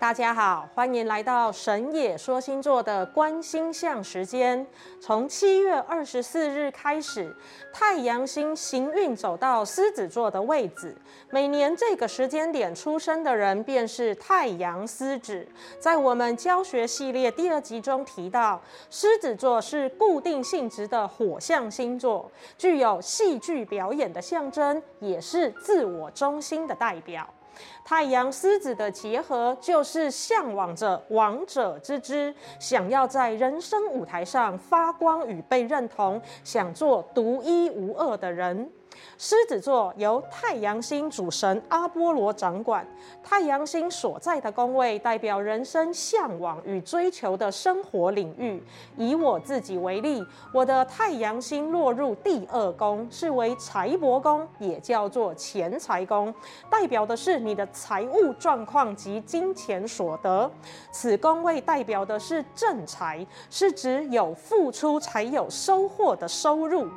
大家好，歡迎來到神野說星座的觀星象時間。從七月二十四日開始，太陽星行運走到獅子座的位置。每年這個時間點出生的人便是太陽獅子。在我們教學系列第二集中提到，獅子座是固定性質的火象星座，具有戲劇表演的象徵，也是自我中心的代表。太陽獅子的結合，就是嚮往着王者之姿，想要在人生舞台上發光與被認同，想做獨一無二的人。獅子座由太陽星主神阿波羅掌管，太陽星所在的宮位代表人生嚮往與追求的生活領域。以我自己為例，我的太陽星落入第二宮，是為財帛宮，也叫做錢財宮，代表的是你的財務狀況及金錢所得。此宮位代表的是正財，是指有付出才有收穫的收入。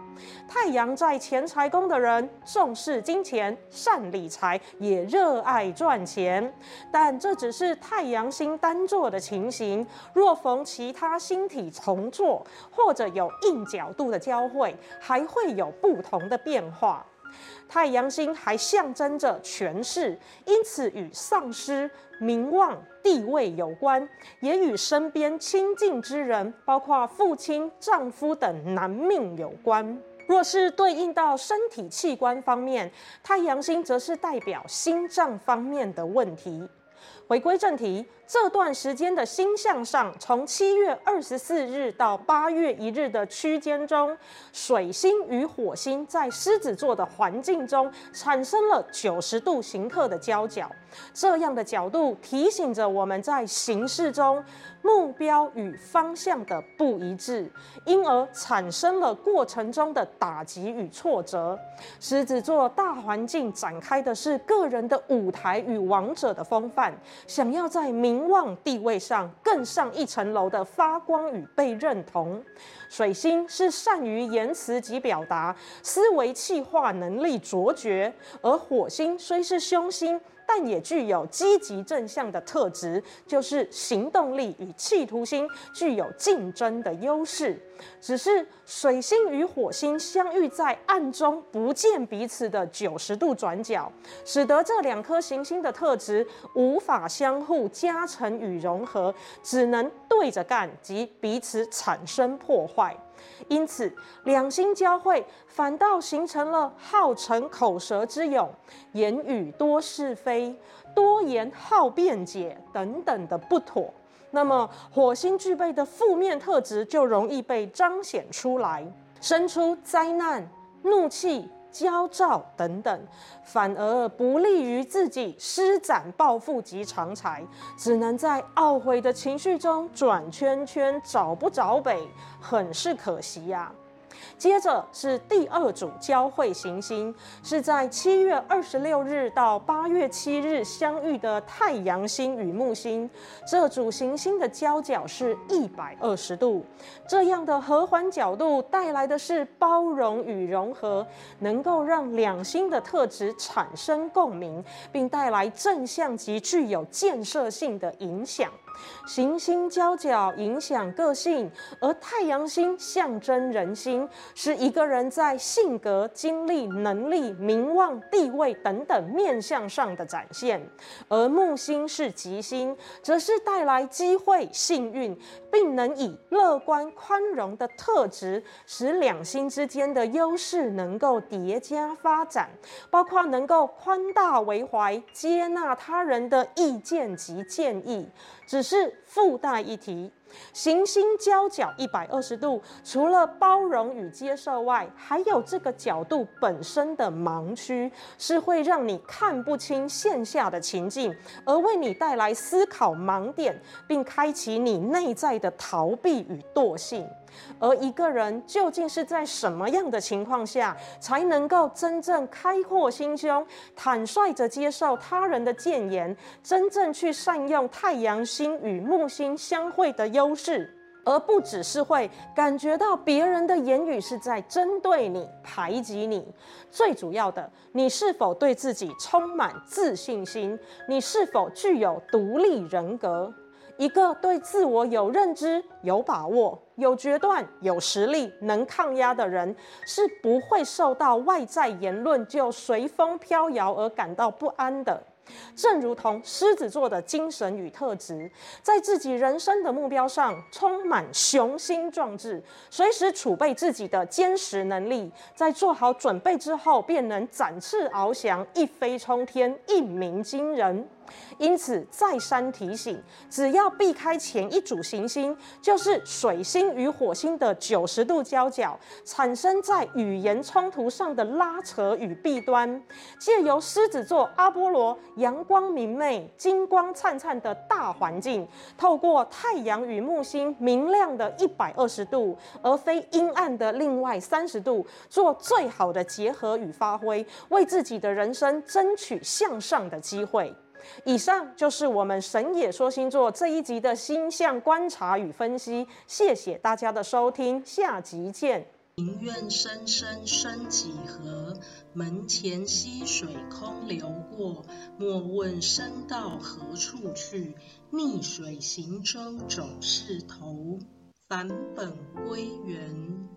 太陽在錢財宮的人重視金錢，善理財，也熱愛賺錢。但這只是太陽星單座的情形。若逢其他星體重坐，或者有硬角度的交匯，還會有不同的變化。太陽星還象徵着權勢，因此與喪失名望、地位有關，也與身邊親近之人，包括父親、丈夫等男命有關。若是對應到身體器官方面，太陽星則是代表心臟方面的問題。回歸正題。這段時間的星象上，從七月二十四日到八月一日的區間中，水星與火星在獅子座的環境中產生了九十度刑剋的交角。這樣的角度提醒着我們在行事中目標與方向的不一致，因而產生了過程中的打擊與挫折。獅子座大環境展開的是個人的舞台與王者的風範，想要在明名望地位上更上一層樓的發光與被認同。水星是善於言辭及表達，思維企劃能力卓絕，而火星雖是凶星，但也具有積極正向的特質，就是行動力與企圖心具有競爭的優勢。只是水星與火星相遇在暗中不見彼此的九十度轉角，使得這兩顆行星的特質無法相互加成與融合，只能對着幹及彼此產生破壞。因此，兩星交匯，反倒形成了好逞口舌之勇、言語多是非、多言好辯解等等的不妥。那麼，火星具備的負面特質就容易被彰顯出來，生出災難、怒氣。焦躁等等，反而不利於自己施展抱負及長才，只能在懊悔的情緒中轉圈圈，找不着北，很是可惜呀、啊。接着是第二組交匯行星，是在七月二十六日到八月七日相遇的太陽星與木星。這組行星的交角是一百二十度，這樣的和緩角度帶來的是包容與融合，能夠讓兩星的特質產生共鳴，並帶來正向及具有建設性的影響。行星交角影響個性，而太陽星象徵人心。是一個人在性格、經歷、能力、名望、地位等等面向上的展現，而木星是吉星，則是帶來機會、幸運，並能以樂觀、寬容的特質，使兩星之間的優勢能夠疊加發展，包括能夠寬大為懷，接納他人的意見及建議，只是附帶一提。行星交角一百二十度，除了包容與接受外，還有這個角度本身的盲區，是會讓你看不清現下的情境，而為你帶來思考盲點，並開啟你內在的逃避與惰性。而一個人究竟是在什麼樣的情況下，才能夠真正開闊心胸，坦率地接受他人的建言，真正去善用太陽星與木星相會的優勢，而不只是會感覺到別人的言語是在針對你、排擠你？最主要的，你是否對自己充滿自信心？你是否具有獨立人格？一個對自我有認知、有把握、有決斷、有實力、能抗壓的人，是不會受到外在言論就隨風飄搖而感到不安的。正如同獅子座的精神與特質，在自己人生的目標上充滿雄心壯志，隨時儲備自己的堅實能力，在做好準備之後，便能展翅翱翔，一飛沖天，一鳴驚人。因此，再三提醒，只要避開前一組行星，就是水星與火星的九十度交角，產生在語言衝突上的拉扯與弊端。借由獅子座阿波羅陽光明媚、金光燦燦的大環境，透過太陽與木星明亮的一百二十度，而非陰暗的另外三十度，做最好的結合與發揮，為自己的人生爭取向上的機會。以上就是我們神野說星座這一集的星象觀察與分析。謝謝大家的收聽，下集見。庭院深深深幾何，門前溪水空流過。莫問身到何處去，逆水行舟總是頭。返本歸原。